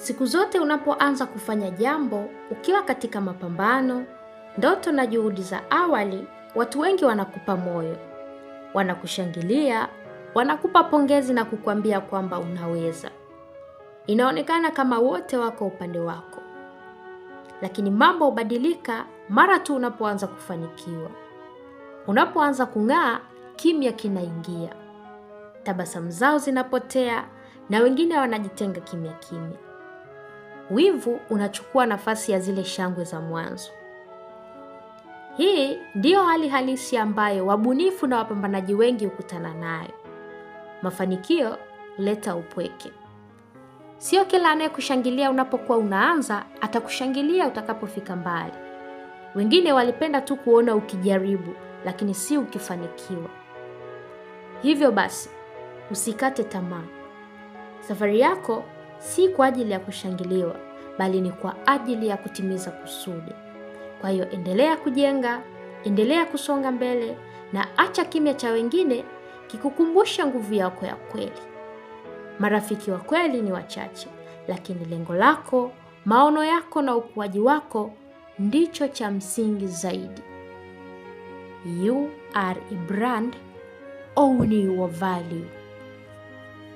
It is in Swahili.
Siku zote unapoanza kufanya jambo ukiwa katika mapambano, ndoto na juhudi za awali, watu wengi wanakupa moyo, wanakushangilia, wanakupa pongezi na kukuambia kwamba unaweza. Inaonekana kama wote wako upande wako, lakini mambo hubadilika mara tu unapoanza kufanikiwa. Unapoanza kung'aa, kimya kinaingia, tabasamu zao zinapotea na wengine wanajitenga kimya kimya wivu unachukua nafasi ya zile shangwe za mwanzo. Hii ndiyo hali halisi ambayo wabunifu na wapambanaji wengi hukutana nayo. Mafanikio leta upweke. Sio kila anayekushangilia unapokuwa unaanza atakushangilia utakapofika mbali. Wengine walipenda tu kuona ukijaribu, lakini si ukifanikiwa. Hivyo basi, usikate tamaa. Safari yako si kwa ajili ya kushangiliwa, bali ni kwa ajili ya kutimiza kusudi. Kwa hiyo endelea kujenga, endelea kusonga mbele, na acha kimya cha wengine kikukumbusha nguvu yako ya kweli. Marafiki wa kweli ni wachache, lakini lengo lako, maono yako na ukuaji wako ndicho cha msingi zaidi. You are a brand, own your value.